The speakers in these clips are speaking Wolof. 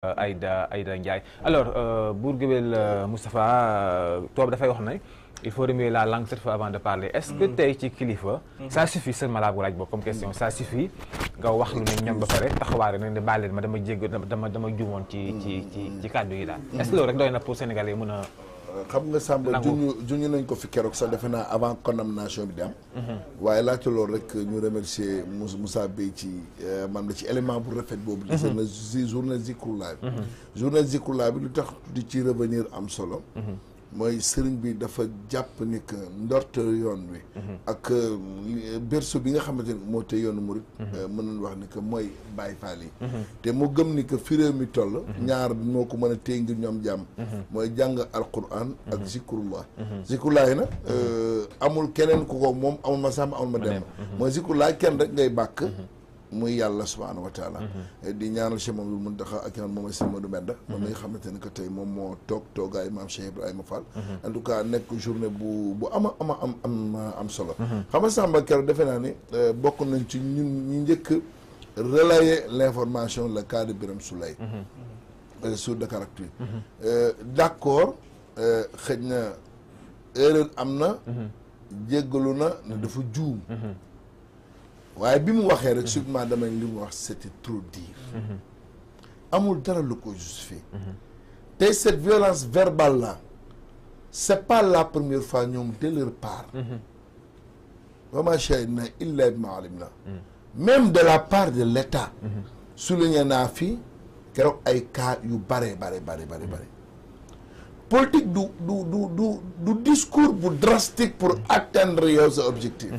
Euh, ay da ay da Ndiaye alors euh, buur Gueweul euh, Moustapha Toob dafay wax na il faut remuer la langue cette fois avant de parler est-ce que mm. tey ci kilifa mm-hmm. ça suffit seulement laa bu laaj boobu comme question ça suffit nga wax lu ne ñoom ba pare taxawaare ne ne baal ma dama jégg dama dama juumoon ci ci ci ci kàddu yi daal mm-hmm. est-ce que loolu rek doy na pour Sénégalais mën a xam nga Samba juñu juñu nañ ko fi keroog sax defe naa avant condamnation bi di am. Mhm. waaye laajte loolu rek ñu remercier Moussa Bey ci euh, maam la ci élément bu rafet boobu. di seen si journée Zikroulah bi. Mhm. journée Zikroulah bi lu tax di ci revenir am solo. Mhm. mooy sëriñ bi dafa jàpp ni que ndort yoon wi. ak euh, berso bi nga xamante ni moo te yoonu murit. Mhm. Euh, mën nañu wax ni que mooy Baay Faal yi. Mhm. te mu gëm ni que fi réew mi toll. Mhm. ñaar bi moo ko mën a téye ngir ñoom jàmm. mooy jàng alquran ak zikrullah. zikrullah na nag euh, amul keneen ku ko moom amul ma sàmm amul ma dem. mooy zikrullah kenn rek ngay bàkk. muy yàlla subhaanahu wa mhm. di ñaanal Cheikh moom bi mun taxa ak yoon moom ay Serigne Modou Mbenda mhm. moom mi nga xamante ne que tey moom moo toog toogaay maam Cheikh Ibrahima Fall mhm. en tout cas nekk journée bu bu ama ama am am am solo xam nga Samba keroog defe naa ni euh, bokk nañ ci ñun ñu njëkk relayer l' la le cas de Birame Souleye euh, sur Dakaractu euh, d' accord na erreur am na jéggalu na ne dafa juum waaye bi mu waxee rek subitement dama li mu wax c'était trop dire amul dara lu ko justifier tey cette violence verbale là c'est pas la première fois ñoom de leur part wa ma shahidna illa de la part de l'État souligné naa fii keroog ay cas yu bare bare bare bare bare politique du du du du discours bu drastique pour atteindre yow sa objectif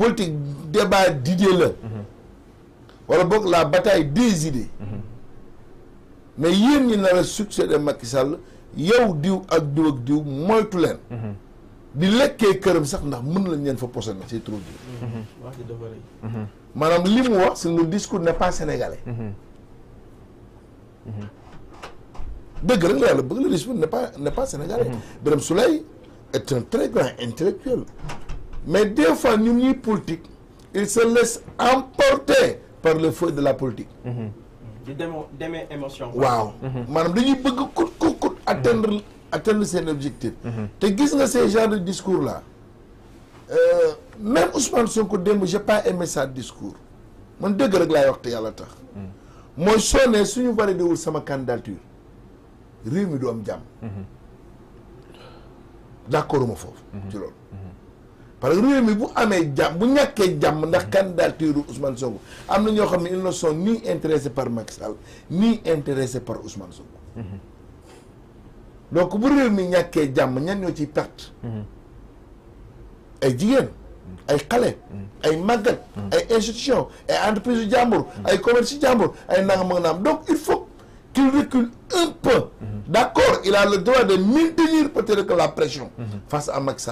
politique débat d'idées le wala boog la bataille des idées mais yéen ñi le a de Macky Sall yow diw ak diw ak diw moytu len. di lekkee këram sax ndax mën lañ leen fa posé na c'est trop dur maanaam Manam limu wax c'est le discours n'est pas sénégalais Deug rek la bëgg le discours n'est pas n'est pas sénégalais mhm. Birame Soulay est un très grand intellectuel mais des fois, nous, politique, ils se laissent emporter par le feu de la politique. Des émotions. Wow. Madame, nous voulons atteindre, mm-hmm. atteindre ses objectifs. Mm-hmm. Tu vois ce genre de discours-là euh, Même Ousmane Sonko, je n'ai pas aimé ça discours. man dëgg rek laay wax te yàlla tax mm-hmm. mooy soo ne suñu validé wul sama candidature réew mi du am jàmm d'accord uma foofu ci loolu parce que réew mi bu amee jàmm bu ñàkkee jàmm ndax candidature Ousmane Sonko am na ñoo xam ne ils ne son ni intéressés par Macky Sall ni par Ousmane Sonko. donc bu réew mi ñàkkee jàmm ñan ñoo ci perte. ay jigéen. ay xale. ay màggat. ay institution ay entreprise yu jàmbur. ay commerce yu jàmbur ay nangam ak naam donc il faut qu'il recule un peu. d'accord il a le droit de maintenir peut-être que la pression. Mhm. face à Macky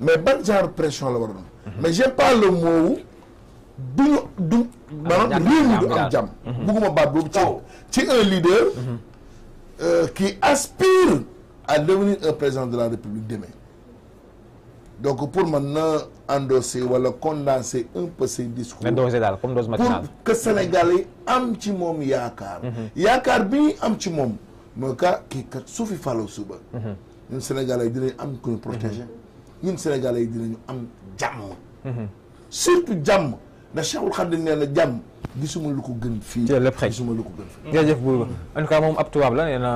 mais ban genre pression là war a mais j'ai pas le mot du du maanaam réew mi du am jàmm bugguma baat boobu ci ci un leader mm-hmm. euh, qui aspire à devenir un président de la République demain donc pour maintenant na endosser wala condenser un peu ses discours daal comme dose matinale pour que le Sénégal yi am ci moom yaakaar mm-hmm. yaakaar bi ñuy am ci moom mooy kat kii kat su fi faloo suba mm-hmm. ñun Sénégal yi dinañ am ku ñu protéger ñun Sénégalais yi dinañu am jàmm. surtout jàmm ndax Cheikhul Khadim nee na jàmm. gisuma lu ko gën fii. ci lépp xëy gisuma lu moom ab tubaab la nee na.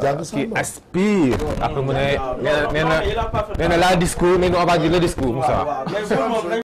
Euh, qui aspire. après mu ne nee na nee na nee na la discours nee na on va dire